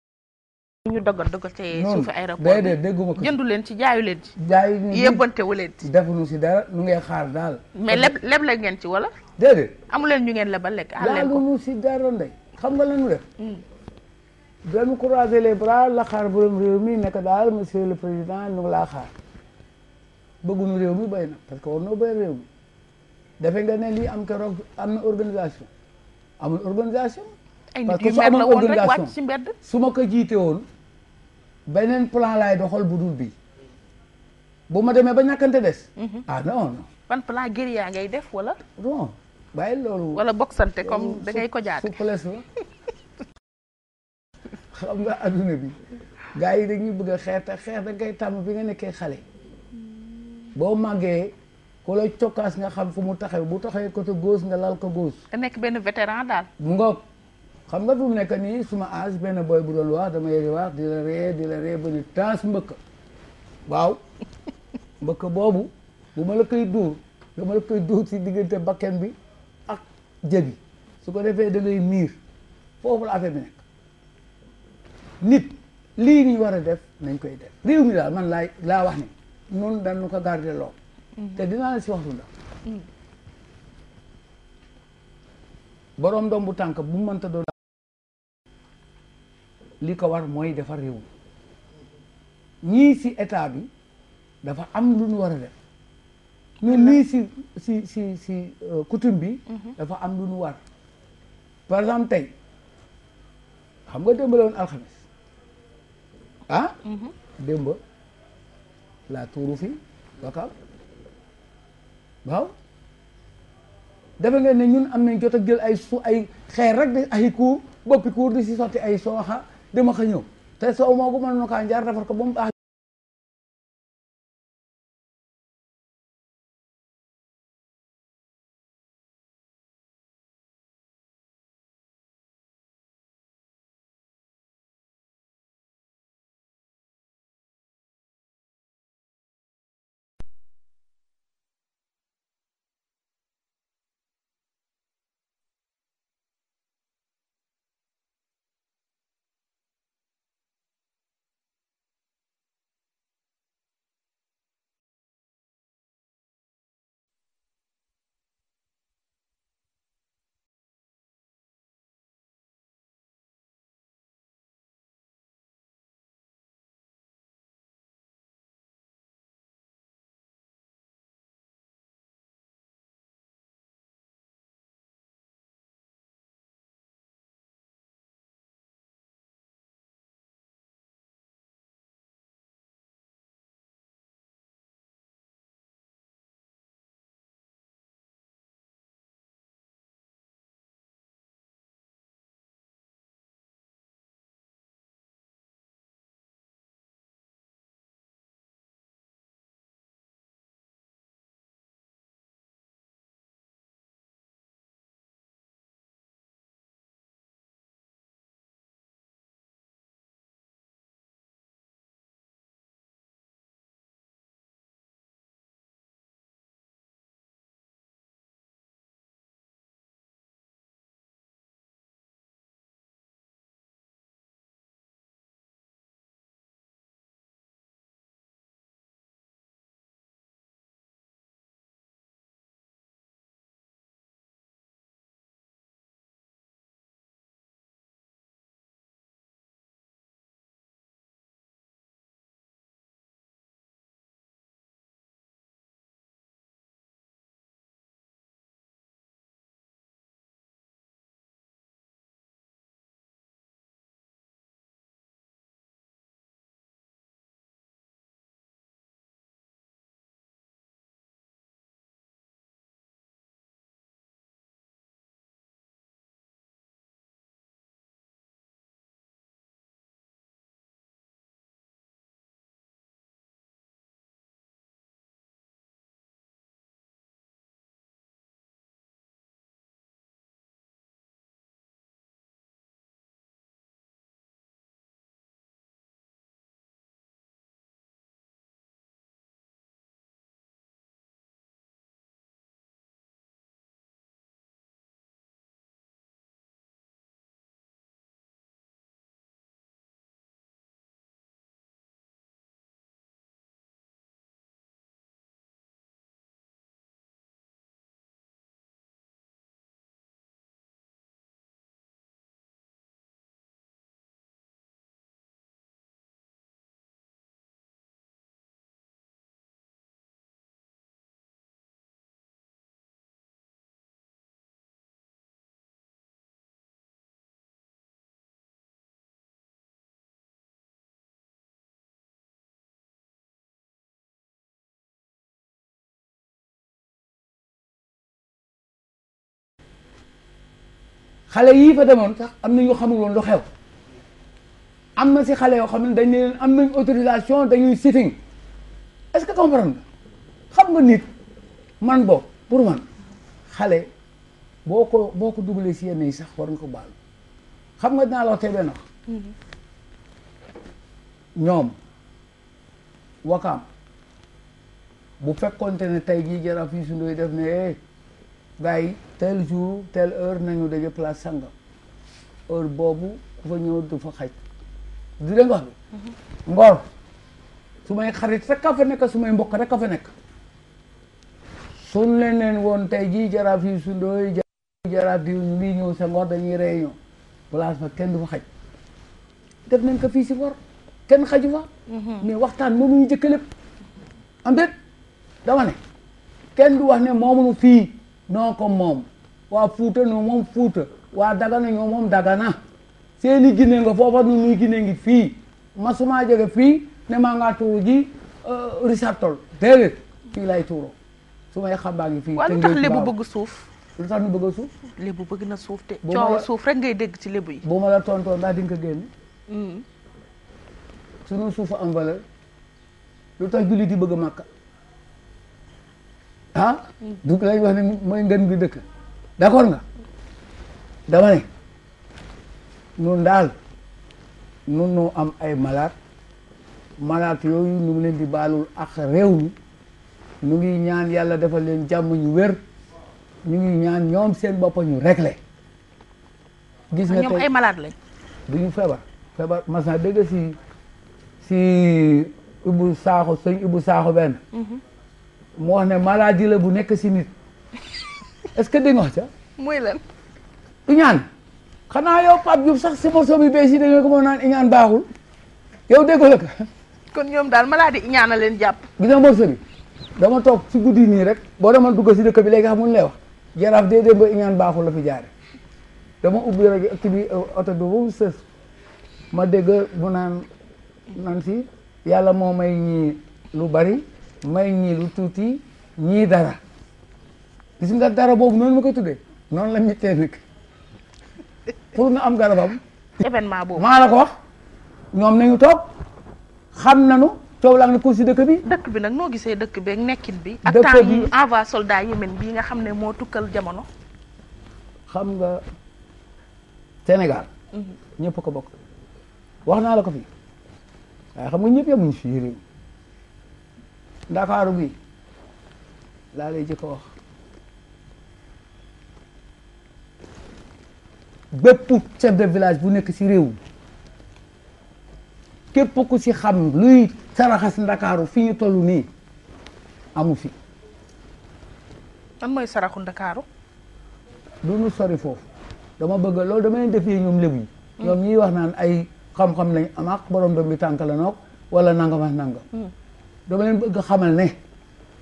ñu dogal dogal ca suufu aéroport bi dégguma ko jëndu leen ci jaayu leen ci jaayu yëbbantewu leen ci defuñu si dara nu ngeen xaar daal mais leb leb la ngeen ci wala déedéet amu leen ñu ngeen lebal lekk àl leen ko laaluñu si dara ndey xam nga la lañu def hmm. dañu croiser les bras la xaar borom réew mi nekk daal monsieur le président ñu ngi laa xaar bëgguñu réew mi bay na parce que war noo bay réew mi defe nga ne lii am keroog am na organisation amul organisation ay nit yu mer la woon rek wàcc ci mbedd su ma ko jiite woon beneen plan laay doxal bu dul bii bu ma demee ba ñàkkante des. Mhm. ah non non. ban plan guérilla ngay def wala. non bàyyi loolu. wala boksante euh, comme da ngay ko jaate xam nga adduna bi gars yi dañuy bëgg a xeex te da ngay tàmm bi nga nekkee xale. boo màggee ku lay cokkaas nga xam fu mu taxaw bu taxawee côté gauche nga lal ko goos a nekk benn vétéran daal. mu ngoog. xam nga fi mu nekk nii suma âge benn boy bu doon wax dama yéegi wax di la ree di la ree ba ni taas mbëkk waaw mbëkk boobu bu ma la koy duur dama la koy duur si diggante bakken bi ak jëbi su ko defee da miir foofu la affaire bi nekk nit lii ñu war a def nañ koy def réew mi daal man laay laa wax ni noonu dañu ko garder loo mhm. te dinaa la si waxtu ndax mhm. boroom doom bu tànk bu mënta doon li ko war mooy defar réew ñii si état bi dafa am lu ñu war a def mais lii si si si si euh, coutume bi mhm. dafa am lu ñu war par exemple xam nga démb la woon alxames ah mhm. tuuru fi wakaaw waaw dafa ngeen ne ñun am nañ jot a jël ay su ay xeer rek di ay kuur boppi kuur di si sotti ay sooxa dama ko ñëw tey soo maa ko mënoon kaa njaar defar ko ba mu baax xale yii fa demoon sax am na ñu xamul woon lu xew am na si xale yoo xam ne dañ leen am nañ autorisation dañuy sitting est-ce que comprendre nga xam nga nit man boo pour man xale boo ko boo ko dugalee si yenn yi sax war nga ko baal xam nga dinaa la wax tey benn mm-hmm. ñoom wakaam bu fekkonte ne tey jii jaraaf yi su ndoy def ne eh, gars yi tel jour telle heure nañu daje place sangam heure boobu ku fa ñëw du fa xaj du dégg wax bi mhm. ngor su may xarit rek a fa nekk su may mbokk rek a fa nekk suñ leneen woon te jii jaraaf yi sundooy jaraaf yi mbii ñëw sa ngor dañuy réunion place ba kenn du fa xaj def nañ ko fii si ngor kenn xaju fa mhm. mais waxtaan moomu ñu jëkk lépp am déet dama ne kenn du wax ne moomuñu fii noo ko moom waa Fuuta ñoo moom Fuuta waa Dagana ñoo moom Dagana seeni Gine nga foofa nu nuy Gine ngi fii masumaa jóge fii ne ma ngaa tuuru ji euh, Richard Toll déedéet fii lay tuuroo su may xambaa ngi fii. te lu tax lébu bëgg suuf. lu nu bëgg a suuf. lébu bëgg na suuf te. coow suuf rek ngay dégg ci lébu yi. bu ma la tontoon ndax di nga ko génn. Hmm. sunu suufu am valeur lu tax jullit yi bëgg a màkka ah du lay wax ne mooy ngeen bi dëkk d'accord nga dama ne nun daal nun noo am ay malaat malaat yooyu nu ngi leen di baalul ak réew mi ñu ngi ñaan yàlla defal leen jàmm ñu wér ñu ngi ñaan ñoom seen boppa ñu le gis nga ah, ñoom ay malaat lañ du ñu feebar feebar mas dëgg si si Ibou Sakho sëñ Ibou Sakho benn mhm. mu wax ne maladie la bu nekk si nit est-ce que dégg nga ca. muy lan. du ñaan xanaa yow Pape Diouf sax si morceau bi bees yi da nga ko naan iñaan baaxul yow déggoo la ko. kon ñoom daal maladie iñaan a leen jàpp. gis nga morceau bi dama toog si guddi nii rek boo demoon dugg si dëkk bi léegi xamuñ lay wax jaraaf dee baaxul la fi jaare dama ubbi rek kii bi euh, ma dégg mu naan naan si yàlla moo may ñii lu bari. may ñii tuuti ñii dara gis nga dara boobu noonu ma koy tuddee noonu la mittee nag pour na am garabam. événement boobu maa la ko wax ñoom nañu toog xam nañu coow laa ngi ko si dëkk bi. dëkk bi nag noo gisee dëkk beeg nekkin bi. ak temps yi envoi soldat Yémen bii nga xam ne moo tukkal jamono. xam nga Sénégal. Mhm. ñëpp ko bokk wax naa la ko fi waaye xam nga ñëpp yemuñu fii réew. ndakaaru bi laa lay jëkk a wax bépp chef de village bu nekk ci réew képp ku ci xam luy saraxas ndakaaru fi ñu toll nii amu fi lan mooy saraxu ndakaaru du nu sori foofu dama bëgg loolu dama leen def yee ñoom lébu yi mm. ñoom ñiy wax naan ay xam-xam lañ am ak borom doom bi tànk la noog wala nangam ak nangam mm. dama leen bëgg xamal ne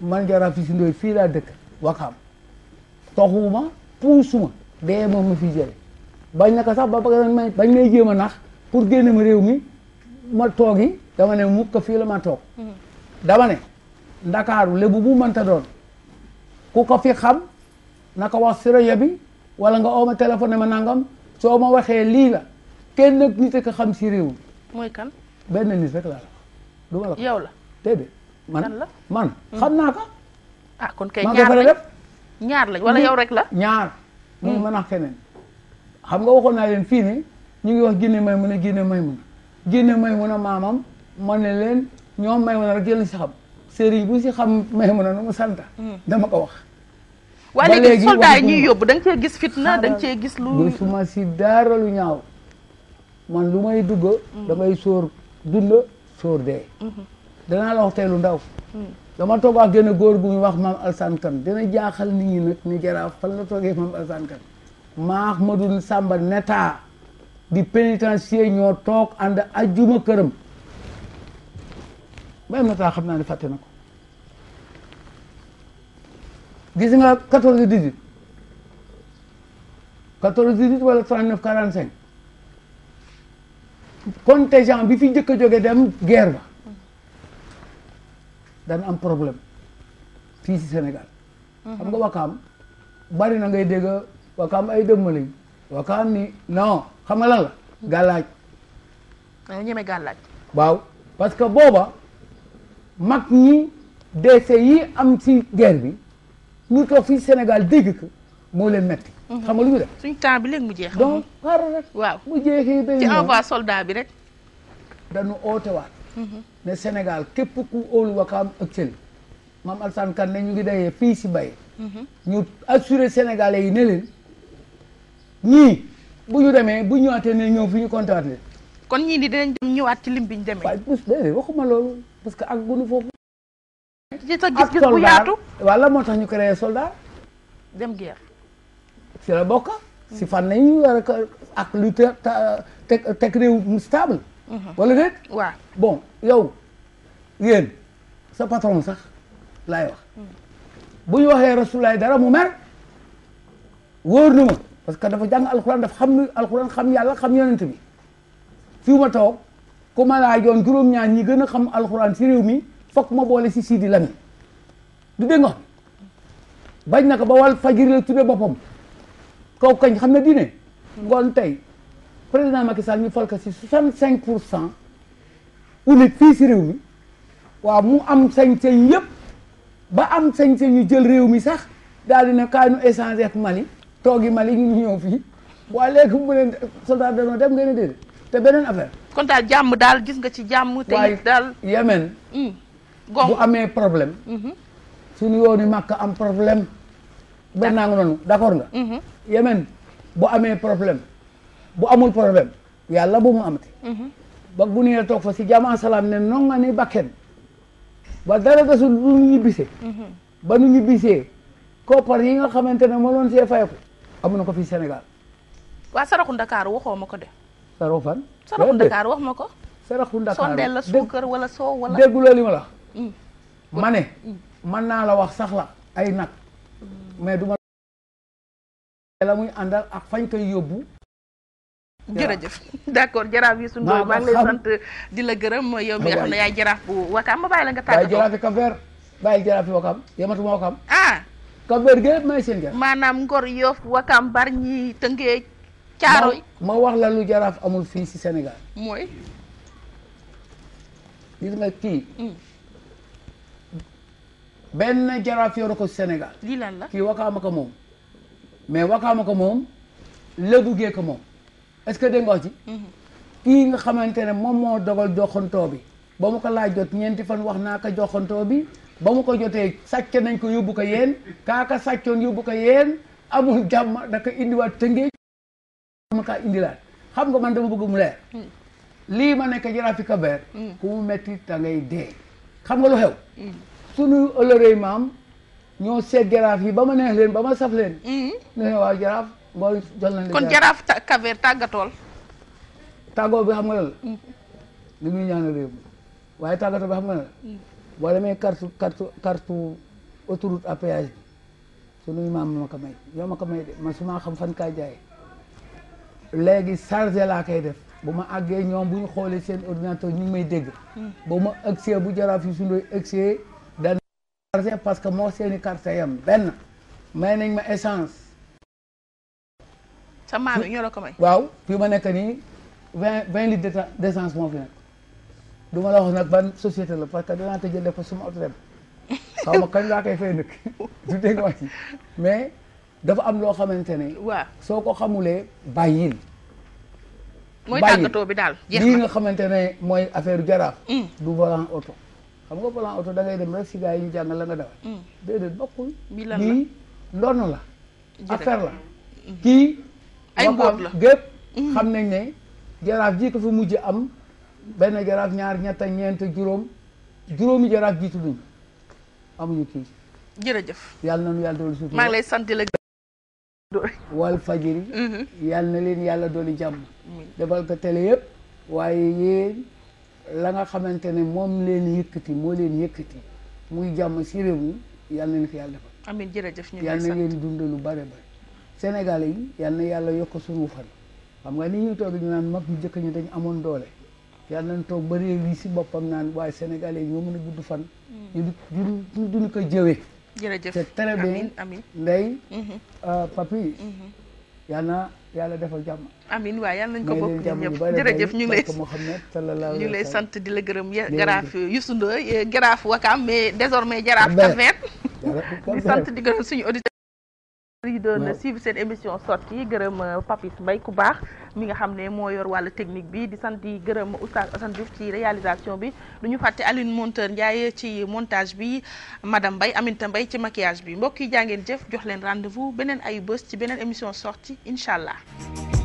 man Jaraaf Youssou Ndoye fii laa dëkk Wakaam toxuma puusuma dee moom ma fi jële bañ na sax ba bëgg may bañ may jéem a nax pour génne ma réew mi ma toogi dama ne mukk la ma toog mm-hmm. dama ne ndakaaru lébu bu mënta doon ku ko fi xam na ko wax si rajo bi wala nga oo ma ma nangam soo ma waxee lii la kenn nag nit a xam si réew mi mooy kan benn nit rek laa la du la déedéet. man la man hmm. xam naa ko. ah kon kay ñaar lañ ñaar lañ wala hmm. yow rek la. ñaar mën hmm. a keneen. xam nga waxoon naa leen fii ni ñu ngi wax Gine Maymuna Gine Maymuna Gine Maymuna maamam ma ne leen ñoom Maymuna rek yéen si xam sëriñ bu si xam Maymuna nu mu santa dama ko wax. ba léegi waaye léegi soldat yi cee gis fitna da nga cee gis lu. suma si dara lu ñaaw man lu may dugg. damay sóor dund sóor dee. danaa la wax tey ndaw. Hmm. dama toog ak génn góor gu ñuy wax maam Alsaan Kan dina jaaxal nit ñi nag ni jaraaf fan la toogee maam Alsaan Kan maax Madou Samba Neta di pénitencier ñoo toog ànd ajjuma këram maam Neta xam naa ne fàtte na ko gis nga quatorze dix-huit quatorze dix-huit wala trente-neuf quarante-cinq bi fi njëkk a jóge dem guerre ba dan am problème fii si Sénégal. Mhm. xam nga Wakaam bari na ngay dégg Wakaam ay dëmm lañ Wakaam ni non xam nga lan la gàllaaj. da ñeme gàllaaj. waaw parce que booba mag ñi décès yi am si guerre bi ñu toog fii Sénégal dégg ko moo leen metti mhm. xam nga lu ñu def suñu temps bi léegi mu jeex. donc xaaral rek. waaw mu jeexee benn ci envoi soldat bi rek. oote ootewaat. ne Sénégal képp ku óolu Wakaam ak Thiel maam Alassane Kane ne ñu ngi dayee fii si bay mhm. ñu assuré Sénégalais yi ne leen ñii bu ñu demee bu ñëwaatee ne ñëw fi ñu kontaan kon ñii di dinañ dem ñëwaat ci lim bi ñu demee waaye plus déedéet waxuma loolu parce que ak gunu foofu ci sa walla moo tax ñu créé soldat dem guerre si la bokk si mhm. fan nañu war a ak lu te teg réew stable Mhm. wala déet. bon yow yéen sa patron sax laay wax. Mhm. bu ñu waxee rasulaay dara mu mer wóor na ma parce que dafa jàng alxuraan dafa xam alxuraan xam yàlla xam yonent bi fii ma toog ku ma laajoon juróom-ñaar ñi gën a xam alxuraan si réew mi foog ma boole si Sidi Lamine du dégg bañ na ko ba wal fajiri la tuddee boppam kaw kañ xam ne diine mhm. ngoon tey président Macky Sall ñu fal ko si 65 pour cent ulit fii si réew mi waaw mu am sañ-sañ yëpp ba am sañ-sañ ñu jël réew mi sax daal di ne kaay nu échanger ak Mali toogi Mali ñu ñëw fii waaye léegi mu leen soldat danoo dem ngeen a déedéet te beneen affaire. kon daal jàmm daal gis nga ci jàmm. te it daal hmm. mhm. mhm. Yemen. bu amee problème. suñu yoonu màkk am problème. benn noonu d'accord nga. Yemen bu amee problème. bu amul problème yàlla bu mu amati. Mhm. ba bu ñu toog fa si jàmm salaam ne non nga ni bakken ba dara desul lu ñu ñibbisee. Mhm. ba nu ñibbisee koppar yi nga xamante ne mënoon see fayeku amu na ko fii Sénégal. waa saraxu Dakar waxoo ma ko de. saraxu fan. ma ko. saraxu Dakar sondeel la suukar wala soo wala. dégguloo li ma la mm. ma ne. Mm. mën naa la wax sax la ay nag. Mm. mais du fañ koy jërëjëf d'accord jaraaf yi sunu doom maa lay sant di la gërëm yow mi nga xam ne jaraaf bu wakaam ma bàyyi la nga tàggatoo bàyyi jaraafi Cap-Vert bàyyi jaraafi wakaam yematuma wakaam ah Cap-Vert gépp may seen jaraaf maanaam Ngor Yoff bar ñi tëngee caaro ma wax la lu jaraaf amul fii si Sénégal mooy gis nga kii hmm. benn jaraaf yoru ko Sénégal lii lan la kii wakaama ko moom mais wakaama ko moom lébu gee moom est-ce que dégg nga wax ci mm-hmm. kii nga xamante ne moom moo dogal joxantoo bi ba mu ko laaj jot ñeenti fan wax naa ko joxantoo bi ba mu ko jotee sàcc nañ ko yóbbu ko yéen kaaka sàccoon yóbbu ko yéen amul jàmm da indiwaat tëngéej ma kaa indilaat xam nga man dama bëgg mu leer mm. lii ma nekk jarafi kabeer mm. ku mu metti da dee xam nga lu xew mm. sunu ëllërey maam ñoo seet jaraaf yi ba ma neex leen ba ma saf leen ñu ne waaw jaraaf bool jël nañ kon jaraaf Kaver tàggatool. tàggoo bi xam nga lan la. li muy ñaanal réew mi waaye tàggatoo bi xam nga la. boo demee carte carte carte autoroute à péage bi sunuy maam ma ko may yow ma ko may de man su ma xam fan kaay jaay léegi chargé laa koy def bu ma àggee ñoom bu ñu xoolee seen ordinateur ñu ngi may dégg. ba ma agsee bu jaraaf yi sundoy agsee daan chargé parce que moo seeni carte yam benn may nañ ma essence. sa maam yi ko may. waaw fi ma nekk nii vingt vingt litres d' essence fi nekk du ma la wax nag ban société la parce que dinaa te jël def ko suma oto dem xaw ma kañ laa koy fay nag du dégg mais dafa am loo xamante ne. waaw soo ko xamulee bàyyil. mooy tàggatoo bi daal lii nga xamante ne mooy affaire jaraaf. Mm. du volant oto. xam nga volant oto da ngay dem rek si gars yi ñu la nga dawal. Mm. déedéet bokkul. bi lan la la. affaire la mm. kii. ay mbóot la gépp xam nañ ne jaraaf ji ko fa mujj am benn jaraaf ñaar ñett ñeent juróom juróomi jaraaf jiitu luñ amuñu kii jërëjëf yàlla na nu yàlla doolu suuf maa ngi lay sant la wal fajiri mhm. yàlla na leen yàlla doolu jàmm defal ko télé yëpp waaye yéen la nga xamante ne moom leen yëkkati moo leen yëkkati muy jàmm si réew mi yàlla na leen ko yàlla defal amiin jërëjëf ñu yàlla na ngeen dund lu bare bare Sénégalais yi yal na yàlla yokk suñu fan xam nga ni ñuy toog ñu naan mag ñu njëkk ñu dañu amoon doole yal na toog ba réew yi si boppam naan waaye Sénégalais yi ñoo mën a gudd fan. Mm. ñu du duñu ko jëwee. jërëjëf c'est très bien ndey. Mm-hmm. Euh, papi. Mm-hmm. yal na yàlla defal jàmm. amin waaw yal nañu ko bokk ñun ñëpp jërëjëf ñu ngi lay ñu ngi lay sant di la gërëm garaaf Youssou Ndoye garaaf eh, Wakam mais désormais garaaf Cap-Vert di sant di gërëm suñu auditeurs yi doon suivre seen émission sortie gërëm euh, Papis Mbaye ku baax mi nga xam ne moo yor wàllu technique bi di sant di gërëm Oustaz Assane Diouf ci réalisation bi du ñu fàtte Aline Monteur Ndiaye ci montage bi madame mbay Aminta mbay ci maquillage bi mbokk yi jaa ngeen jëf jox leen rendez beneen ay bés ci beneen émission sortie incha allah